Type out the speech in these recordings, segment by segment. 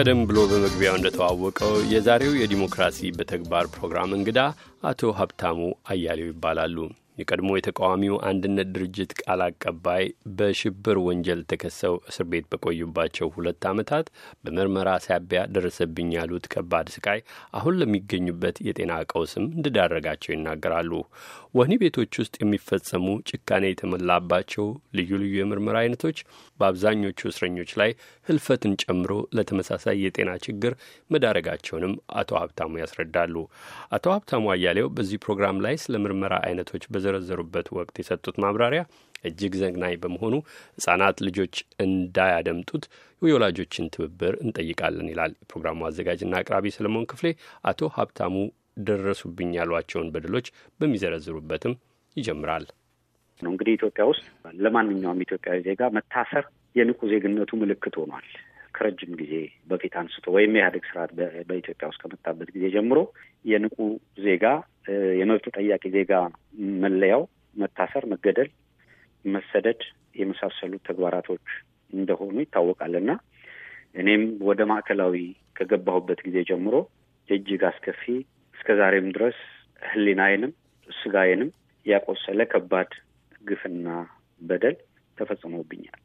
ቀደም ብሎ በመግቢያው እንደተዋወቀው የዛሬው የዲሞክራሲ በተግባር ፕሮግራም እንግዳ አቶ ሀብታሙ አያሌው ይባላሉ። የቀድሞ የተቃዋሚው አንድነት ድርጅት ቃል አቀባይ በሽብር ወንጀል ተከሰው እስር ቤት በቆዩባቸው ሁለት ዓመታት በምርመራ ሳቢያ ደረሰብኝ ያሉት ከባድ ስቃይ አሁን ለሚገኙበት የጤና ቀውስም እንደዳረጋቸው ይናገራሉ። ወህኒ ቤቶች ውስጥ የሚፈጸሙ ጭካኔ የተሞላባቸው ልዩ ልዩ የምርመራ አይነቶች በአብዛኞቹ እስረኞች ላይ ህልፈትን ጨምሮ ለተመሳሳይ የጤና ችግር መዳረጋቸውንም አቶ ሀብታሙ ያስረዳሉ። አቶ ሀብታሙ አያሌው በዚህ ፕሮግራም ላይ ስለ ምርመራ አይነቶች በዘረዘሩበት ወቅት የሰጡት ማብራሪያ እጅግ ዘግናኝ በመሆኑ ሕጻናት ልጆች እንዳያደምጡት የወላጆችን ትብብር እንጠይቃለን ይላል የፕሮግራሙ አዘጋጅና አቅራቢ ሰለሞን ክፍሌ። አቶ ሀብታሙ ደረሱብኝ ያሏቸውን በደሎች በሚዘረዝሩበትም ይጀምራል። እንግዲህ ኢትዮጵያ ውስጥ ለማንኛውም ኢትዮጵያዊ ዜጋ መታሰር የንቁ ዜግነቱ ምልክት ሆኗል። ከረጅም ጊዜ በፊት አንስቶ ወይም የኢህአዴግ ስርዓት በኢትዮጵያ ውስጥ ከመጣበት ጊዜ ጀምሮ የንቁ ዜጋ የመብቱ ጠያቂ ዜጋ መለያው መታሰር፣ መገደል፣ መሰደድ የመሳሰሉ ተግባራቶች እንደሆኑ ይታወቃልና እኔም ወደ ማዕከላዊ ከገባሁበት ጊዜ ጀምሮ እጅግ አስከፊ እስከ ዛሬም ድረስ ህሊናዬንም ስጋዬንም ያቆሰለ ከባድ ግፍና በደል ተፈጽሞብኛል።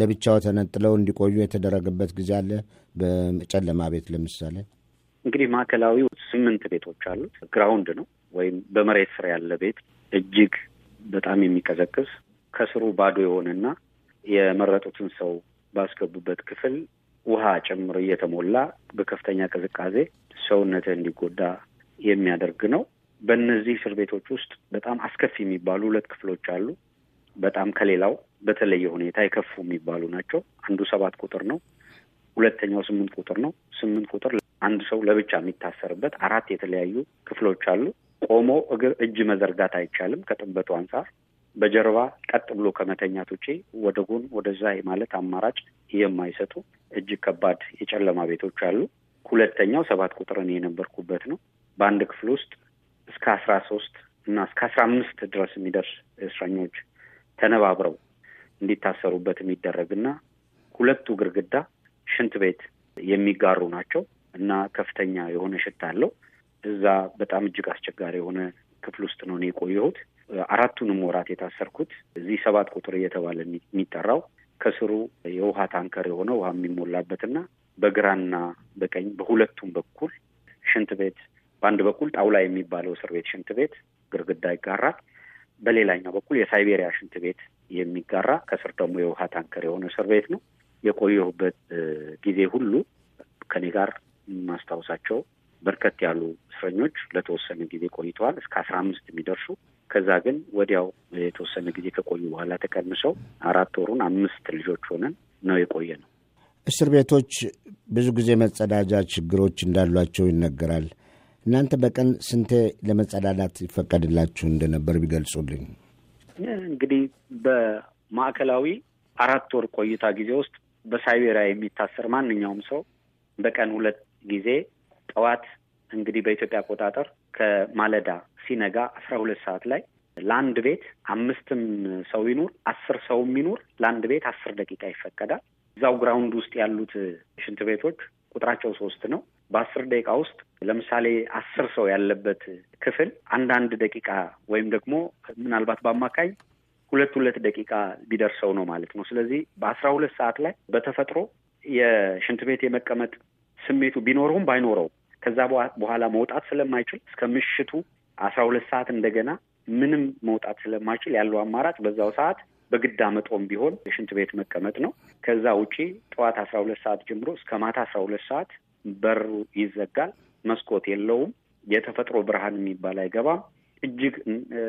ለብቻው ተነጥለው እንዲቆዩ የተደረገበት ጊዜ አለ። በጨለማ ቤት ለምሳሌ እንግዲህ ማዕከላዊ ስምንት ቤቶች አሉት። ግራውንድ ነው ወይም በመሬት ስር ያለ ቤት እጅግ በጣም የሚቀዘቅዝ ከስሩ ባዶ የሆነና የመረጡትን ሰው ባስገቡበት ክፍል ውሃ ጭምር እየተሞላ በከፍተኛ ቅዝቃዜ ሰውነትህ እንዲጎዳ የሚያደርግ ነው። በእነዚህ እስር ቤቶች ውስጥ በጣም አስከፊ የሚባሉ ሁለት ክፍሎች አሉ። በጣም ከሌላው በተለየ ሁኔታ የከፉ የሚባሉ ናቸው። አንዱ ሰባት ቁጥር ነው። ሁለተኛው ስምንት ቁጥር ነው። ስምንት ቁጥር አንድ ሰው ለብቻ የሚታሰርበት አራት የተለያዩ ክፍሎች አሉ። ቆሞ እግር እጅ መዘርጋት አይቻልም ከጥበቱ አንጻር በጀርባ ቀጥ ብሎ ከመተኛት ውጪ ወደ ጎን ወደዛ ማለት አማራጭ የማይሰጡ እጅግ ከባድ የጨለማ ቤቶች አሉ። ሁለተኛው ሰባት ቁጥርን የነበርኩበት ነው። በአንድ ክፍል ውስጥ እስከ አስራ ሶስት እና እስከ አስራ አምስት ድረስ የሚደርስ እስረኞች ተነባብረው እንዲታሰሩበት የሚደረግና ሁለቱ ግርግዳ ሽንት ቤት የሚጋሩ ናቸው እና ከፍተኛ የሆነ ሽታ አለው። እዛ በጣም እጅግ አስቸጋሪ የሆነ ክፍል ውስጥ ነው እኔ የቆየሁት። አራቱንም ወራት የታሰርኩት እዚህ ሰባት ቁጥር እየተባለ የሚጠራው ከስሩ የውሃ ታንከር የሆነ ውሃ የሚሞላበትና በግራና በቀኝ በሁለቱም በኩል ሽንት ቤት፣ በአንድ በኩል ጣውላ የሚባለው እስር ቤት ሽንት ቤት ግርግዳ ይጋራል። በሌላኛው በኩል የሳይቤሪያ ሽንት ቤት የሚጋራ ከስር ደግሞ የውሃ ታንከር የሆነ እስር ቤት ነው። የቆየሁበት ጊዜ ሁሉ ከኔ ጋር ማስታወሳቸው በርከት ያሉ እስረኞች ለተወሰነ ጊዜ ቆይተዋል። እስከ አስራ አምስት የሚደርሱ ከዛ ግን ወዲያው የተወሰነ ጊዜ ከቆዩ በኋላ ተቀንሰው አራት ወሩን አምስት ልጆች ሆነን ነው የቆየ ነው። እስር ቤቶች ብዙ ጊዜ መጸዳጃ ችግሮች እንዳሏቸው ይነገራል። እናንተ በቀን ስንቴ ለመጸዳዳት ይፈቀድላችሁ እንደነበር ቢገልጹልኝ። እንግዲህ በማዕከላዊ አራት ወር ቆይታ ጊዜ ውስጥ በሳይቤሪያ የሚታሰር ማንኛውም ሰው በቀን ሁለት ጊዜ ጠዋት እንግዲህ በኢትዮጵያ አቆጣጠር ከማለዳ ሲነጋ አስራ ሁለት ሰዓት ላይ ለአንድ ቤት አምስትም ሰው ይኑር አስር ሰውም ይኑር ለአንድ ቤት አስር ደቂቃ ይፈቀዳል። እዛው ግራውንድ ውስጥ ያሉት ሽንት ቤቶች ቁጥራቸው ሶስት ነው። በአስር ደቂቃ ውስጥ ለምሳሌ አስር ሰው ያለበት ክፍል አንዳንድ ደቂቃ ወይም ደግሞ ምናልባት በአማካኝ ። ሁለት ሁለት ደቂቃ ቢደርሰው ነው ማለት ነው። ስለዚህ በአስራ ሁለት ሰዓት ላይ በተፈጥሮ የሽንት ቤት የመቀመጥ ስሜቱ ቢኖረውም ባይኖረውም ከዛ በኋላ መውጣት ስለማይችል እስከ ምሽቱ አስራ ሁለት ሰዓት እንደገና ምንም መውጣት ስለማይችል ያለው አማራጭ በዛው ሰዓት በግድ አመጦም ቢሆን የሽንት ቤት መቀመጥ ነው። ከዛ ውጪ ጠዋት አስራ ሁለት ሰዓት ጀምሮ እስከ ማታ አስራ ሁለት ሰዓት በሩ ይዘጋል። መስኮት የለውም። የተፈጥሮ ብርሃን የሚባል አይገባም። እጅግ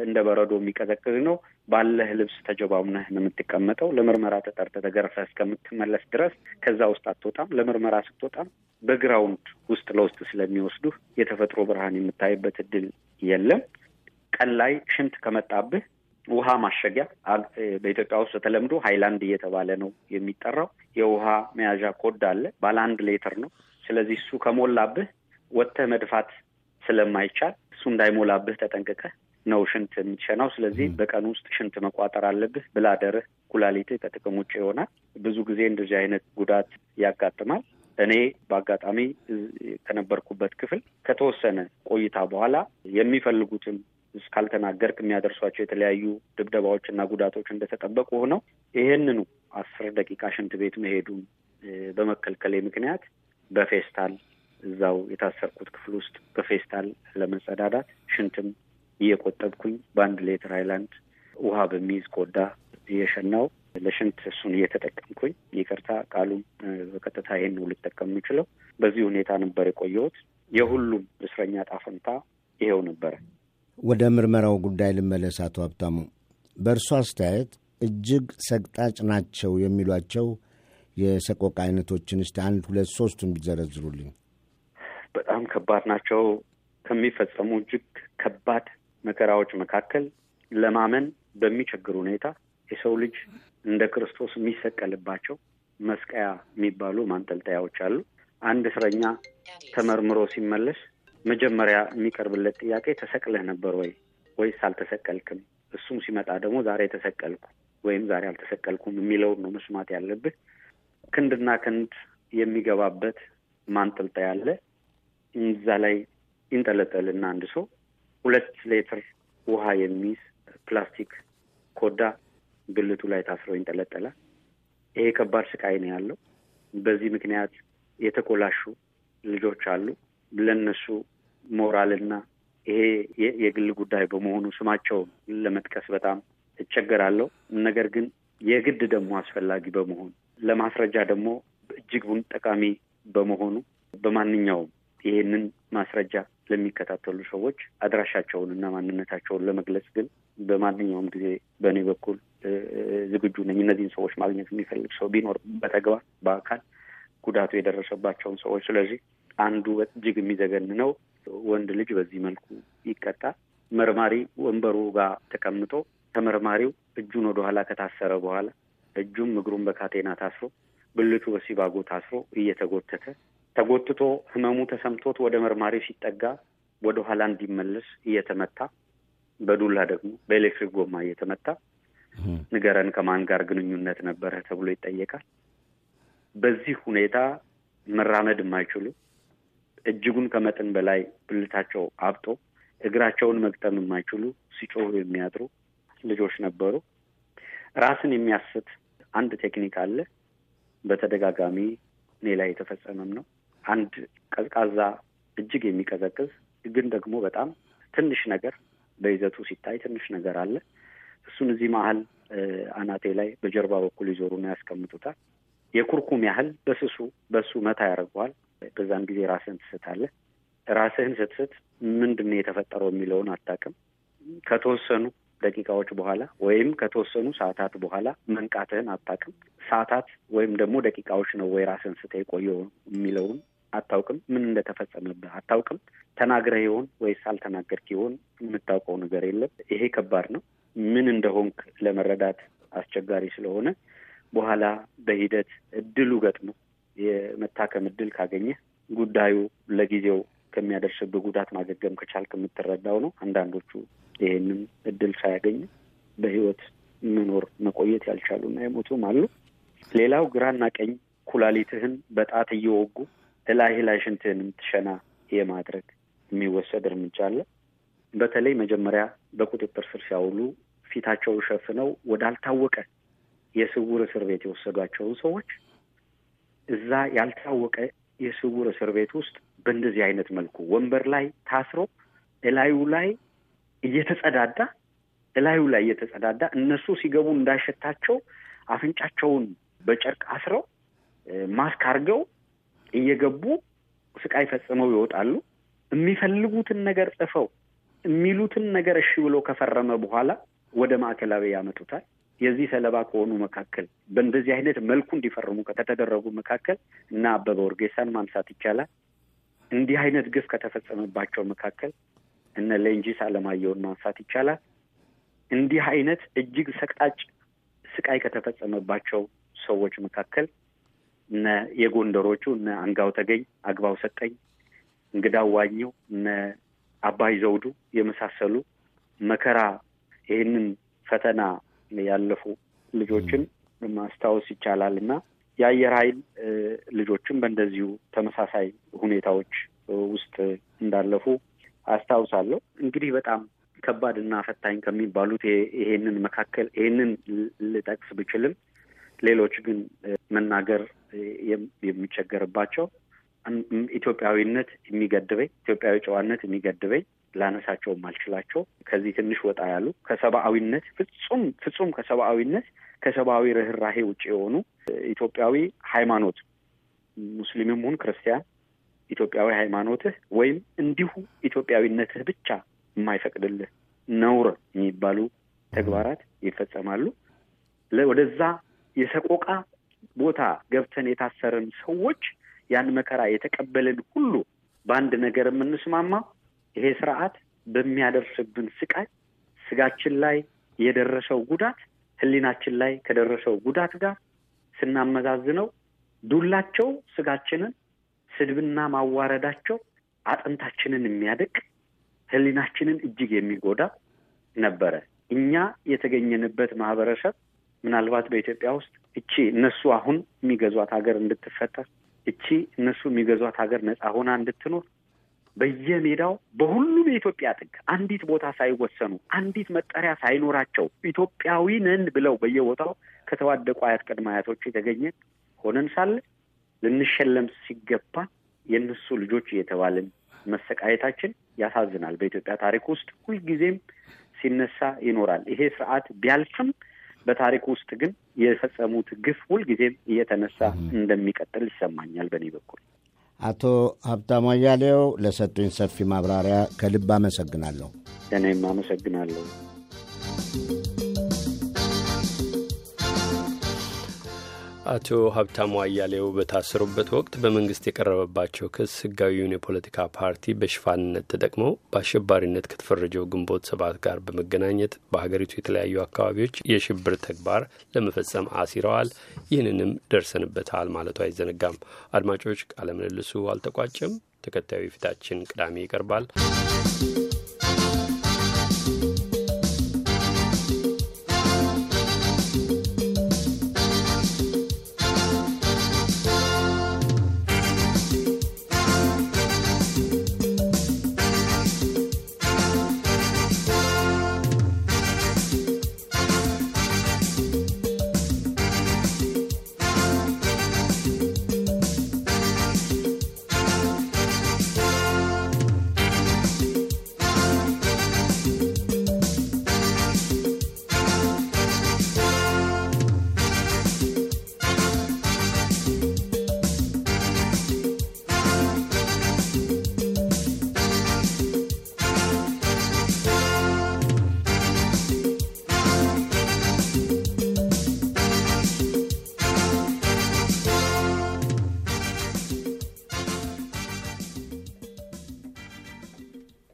እንደ በረዶ የሚቀዘቅዝ ነው። ባለህ ልብስ ተጀባምነህ ነው የምትቀመጠው። ለምርመራ ተጠርተ ተገርፈህ እስከምትመለስ ድረስ ከዛ ውስጥ አትወጣም። ለምርመራ ስትወጣም በግራውንድ ውስጥ ለውስጥ ስለሚወስዱህ የተፈጥሮ ብርሃን የምታይበት እድል የለም። ቀን ላይ ሽንት ከመጣብህ ውሃ ማሸጊያ በኢትዮጵያ ውስጥ በተለምዶ ሀይላንድ እየተባለ ነው የሚጠራው። የውሃ መያዣ ኮድ አለ፣ ባለ አንድ ሌተር ነው። ስለዚህ እሱ ከሞላብህ ወጥተህ መድፋት ስለማይቻል እሱ እንዳይሞላብህ ተጠንቅቀህ ነው ሽንት የምትሸናው። ስለዚህ በቀን ውስጥ ሽንት መቋጠር አለብህ። ብላደርህ፣ ኩላሊትህ ከጥቅም ውጭ ይሆናል። ብዙ ጊዜ እንደዚህ አይነት ጉዳት ያጋጥማል። እኔ በአጋጣሚ ከነበርኩበት ክፍል ከተወሰነ ቆይታ በኋላ የሚፈልጉትን እስካልተናገርክ የሚያደርሷቸው የተለያዩ ድብደባዎችና ጉዳቶች እንደተጠበቁ ሆነው ይህንኑ አስር ደቂቃ ሽንት ቤት መሄዱን በመከልከሌ ምክንያት በፌስታል እዛው የታሰርኩት ክፍል ውስጥ በፌስታል ለመጸዳዳት ሽንትም እየቆጠብኩኝ በአንድ ሌትር ሃይላንድ ውሃ በሚይዝ ቆዳ እየሸናው ለሽንት እሱን እየተጠቀምኩኝ ይቅርታ ቃሉም በቀጥታ ይሄን ነው ልጠቀም የምችለው። በዚህ ሁኔታ ነበር የቆየሁት። የሁሉም እስረኛ ጣፈንታ ይሄው ነበረ። ወደ ምርመራው ጉዳይ ልመለስ። አቶ ሀብታሙ በእርሱ አስተያየት እጅግ ሰቅጣጭ ናቸው የሚሏቸው የሰቆቃ አይነቶችን እስቲ አንድ ሁለት ሶስቱን ቢዘረዝሩልኝ። በጣም ከባድ ናቸው። ከሚፈጸሙ እጅግ ከባድ መከራዎች መካከል ለማመን በሚቸግር ሁኔታ የሰው ልጅ እንደ ክርስቶስ የሚሰቀልባቸው መስቀያ የሚባሉ ማንጠልጠያዎች አሉ። አንድ እስረኛ ተመርምሮ ሲመለስ መጀመሪያ የሚቀርብለት ጥያቄ ተሰቅለህ ነበር ወይ ወይስ አልተሰቀልክም? እሱም ሲመጣ ደግሞ ዛሬ ተሰቀልኩ ወይም ዛሬ አልተሰቀልኩም የሚለውን ነው መስማት ያለብህ። ክንድና ክንድ የሚገባበት ማንጠልጠያ አለ። እዛ ላይ ይንጠለጠልና አንድ ሰው ሁለት ሌትር ውሃ የሚይዝ ፕላስቲክ ኮዳ ብልቱ ላይ ታስሮ ይንጠለጠላል። ይሄ ከባድ ስቃይ ነው ያለው። በዚህ ምክንያት የተኮላሹ ልጆች አሉ። ለነሱ ሞራልና ይሄ የግል ጉዳይ በመሆኑ ስማቸውን ለመጥቀስ በጣም እቸገራለሁ። ነገር ግን የግድ ደግሞ አስፈላጊ በመሆኑ ለማስረጃ ደግሞ እጅግ ጠቃሚ በመሆኑ በማንኛውም ይህንን ማስረጃ ለሚከታተሉ ሰዎች አድራሻቸውን እና ማንነታቸውን ለመግለጽ ግን በማንኛውም ጊዜ በእኔ በኩል ዝግጁ ነኝ። እነዚህን ሰዎች ማግኘት የሚፈልግ ሰው ቢኖር በተግባር በአካል ጉዳቱ የደረሰባቸውን ሰዎች። ስለዚህ አንዱ እጅግ የሚዘገን ነው። ወንድ ልጅ በዚህ መልኩ ይቀጣል። መርማሪ ወንበሩ ጋር ተቀምጦ ተመርማሪው እጁን ወደኋላ ከታሰረ በኋላ እጁም እግሩም በካቴና ታስሮ ብልቱ በሲባጎ ታስሮ እየተጎተተ ተጎትቶ ህመሙ ተሰምቶት ወደ መርማሪ ሲጠጋ ወደ ኋላ እንዲመለስ እየተመታ በዱላ ደግሞ በኤሌክትሪክ ጎማ እየተመታ ንገረን ከማን ጋር ግንኙነት ነበረ ተብሎ ይጠየቃል። በዚህ ሁኔታ መራመድ የማይችሉ እጅጉን ከመጠን በላይ ብልታቸው አብጦ እግራቸውን መግጠም የማይችሉ ሲጮሁ የሚያጥሩ ልጆች ነበሩ። ራስን የሚያስት አንድ ቴክኒክ አለ። በተደጋጋሚ እኔ ላይ የተፈጸመም ነው። አንድ ቀዝቃዛ እጅግ የሚቀዘቅዝ ግን ደግሞ በጣም ትንሽ ነገር በይዘቱ ሲታይ ትንሽ ነገር አለ። እሱን እዚህ መሀል አናቴ ላይ በጀርባ በኩል ይዞሩና ያስቀምጡታል። የኩርኩም ያህል በስሱ በሱ መታ ያደርገዋል። በዛን ጊዜ ራስህን ትስታለህ። ራስህን ስትስት ምንድን ነው የተፈጠረው የሚለውን አታውቅም። ከተወሰኑ ደቂቃዎች በኋላ ወይም ከተወሰኑ ሰዓታት በኋላ መንቃትህን አታውቅም። ሰዓታት ወይም ደግሞ ደቂቃዎች ነው ወይ ራስህን ስተህ የቆየው የሚለውን አታውቅም። ምን እንደተፈጸመብህ አታውቅም። ተናግረህ ይሆን ወይስ አልተናገርክ ይሆን የምታውቀው ነገር የለም። ይሄ ከባድ ነው። ምን እንደሆንክ ለመረዳት አስቸጋሪ ስለሆነ በኋላ በሂደት እድሉ ገጥሞ የመታከም እድል ካገኘህ ጉዳዩ ለጊዜው ከሚያደርስብህ ጉዳት ማገገም ከቻልክ የምትረዳው ነው። አንዳንዶቹ ይሄንን እድል ሳያገኝ በህይወት መኖር መቆየት ያልቻሉና የሞቱም አሉ። ሌላው ግራና ቀኝ ኩላሊትህን በጣት እየወጉ እላይህ ላይ ሽንትህን የምትሸና የማድረግ የሚወሰድ እርምጃ አለ። በተለይ መጀመሪያ በቁጥጥር ስር ሲያውሉ ፊታቸው ሸፍነው ወዳልታወቀ የስውር እስር ቤት የወሰዷቸውን ሰዎች እዛ ያልታወቀ የስውር እስር ቤት ውስጥ በእንደዚህ አይነት መልኩ ወንበር ላይ ታስሮ እላዩ ላይ እየተጸዳዳ እላዩ ላይ እየተጸዳዳ እነሱ ሲገቡ እንዳይሸታቸው አፍንጫቸውን በጨርቅ አስረው ማስክ አድርገው እየገቡ ስቃይ ፈጽመው ይወጣሉ። የሚፈልጉትን ነገር ጽፈው የሚሉትን ነገር እሺ ብሎ ከፈረመ በኋላ ወደ ማዕከላዊ ያመጡታል። የዚህ ሰለባ ከሆኑ መካከል በእንደዚህ አይነት መልኩ እንዲፈርሙ ከተደረጉ መካከል እና አበበ ወርጌሳን ማንሳት ይቻላል። እንዲህ አይነት ግፍ ከተፈጸመባቸው መካከል እነ ሌንጂስ አለማየሁን ማንሳት ይቻላል። እንዲህ አይነት እጅግ ሰቅጣጭ ስቃይ ከተፈጸመባቸው ሰዎች መካከል እነ የጎንደሮቹ እነ አንጋው ተገኝ፣ አግባው ሰጠኝ፣ እንግዳው ዋኘው፣ እነ አባይ ዘውዱ የመሳሰሉ መከራ ይህንን ፈተና ያለፉ ልጆችን ማስታወስ ይቻላል እና የአየር ኃይል ልጆችም በእንደዚሁ ተመሳሳይ ሁኔታዎች ውስጥ እንዳለፉ አስታውሳለሁ። እንግዲህ በጣም ከባድ እና ፈታኝ ከሚባሉት ይሄንን መካከል ይሄንን ልጠቅስ ብችልም ሌሎች ግን መናገር የሚቸገርባቸው ኢትዮጵያዊነት የሚገድበኝ፣ ኢትዮጵያዊ ጨዋነት የሚገድበኝ ላነሳቸው ማልችላቸው ከዚህ ትንሽ ወጣ ያሉ ከሰብአዊነት ፍጹም ፍጹም ከሰብአዊነት ከሰብአዊ ርኅራሄ ውጭ የሆኑ ኢትዮጵያዊ ሃይማኖት ሙስሊምም ሁን ክርስቲያን ኢትዮጵያዊ ሃይማኖትህ ወይም እንዲሁ ኢትዮጵያዊነትህ ብቻ የማይፈቅድልህ ነውር የሚባሉ ተግባራት ይፈጸማሉ። ወደዛ የሰቆቃ ቦታ ገብተን የታሰርን ሰዎች ያን መከራ የተቀበልን ሁሉ በአንድ ነገር የምንስማማ ይሄ ስርዓት በሚያደርስብን ስቃይ ስጋችን ላይ የደረሰው ጉዳት ህሊናችን ላይ ከደረሰው ጉዳት ጋር ስናመዛዝነው ዱላቸው ስጋችንን፣ ስድብና ማዋረዳቸው አጥንታችንን የሚያደቅ ህሊናችንን እጅግ የሚጎዳ ነበረ። እኛ የተገኘንበት ማህበረሰብ ምናልባት በኢትዮጵያ ውስጥ እቺ እነሱ አሁን የሚገዟት ሀገር እንድትፈጠር እቺ እነሱ የሚገዟት ሀገር ነፃ ሆና እንድትኖር በየሜዳው በሁሉም የኢትዮጵያ ጥግ አንዲት ቦታ ሳይወሰኑ አንዲት መጠሪያ ሳይኖራቸው ኢትዮጵያዊ ነን ብለው በየቦታው ከተዋደቁ አያት ቅድመ አያቶች የተገኘ ሆነን ሳለ ልንሸለም ሲገባ የእነሱ ልጆች እየተባልን መሰቃየታችን ያሳዝናል። በኢትዮጵያ ታሪክ ውስጥ ሁልጊዜም ሲነሳ ይኖራል። ይሄ ስርዓት ቢያልፍም በታሪክ ውስጥ ግን የፈጸሙት ግፍ ሁልጊዜም እየተነሳ እንደሚቀጥል ይሰማኛል በእኔ በኩል። አቶ ሀብታሙ አያሌው ለሰጡኝ ሰፊ ማብራሪያ ከልብ አመሰግናለሁ። እኔም አመሰግናለሁ። አቶ ሀብታሙ አያሌው በታሰሩበት ወቅት በመንግስት የቀረበባቸው ክስ ህጋዊውን የፖለቲካ ፓርቲ በሽፋንነት ተጠቅመው በአሸባሪነት ከተፈረጀው ግንቦት ሰባት ጋር በመገናኘት በሀገሪቱ የተለያዩ አካባቢዎች የሽብር ተግባር ለመፈጸም አሲረዋል፣ ይህንንም ደርሰንበታል ማለቱ አይዘነጋም። አድማጮች፣ ቃለምልልሱ አልተቋጨም። ተከታዩ የፊታችን ቅዳሜ ይቀርባል።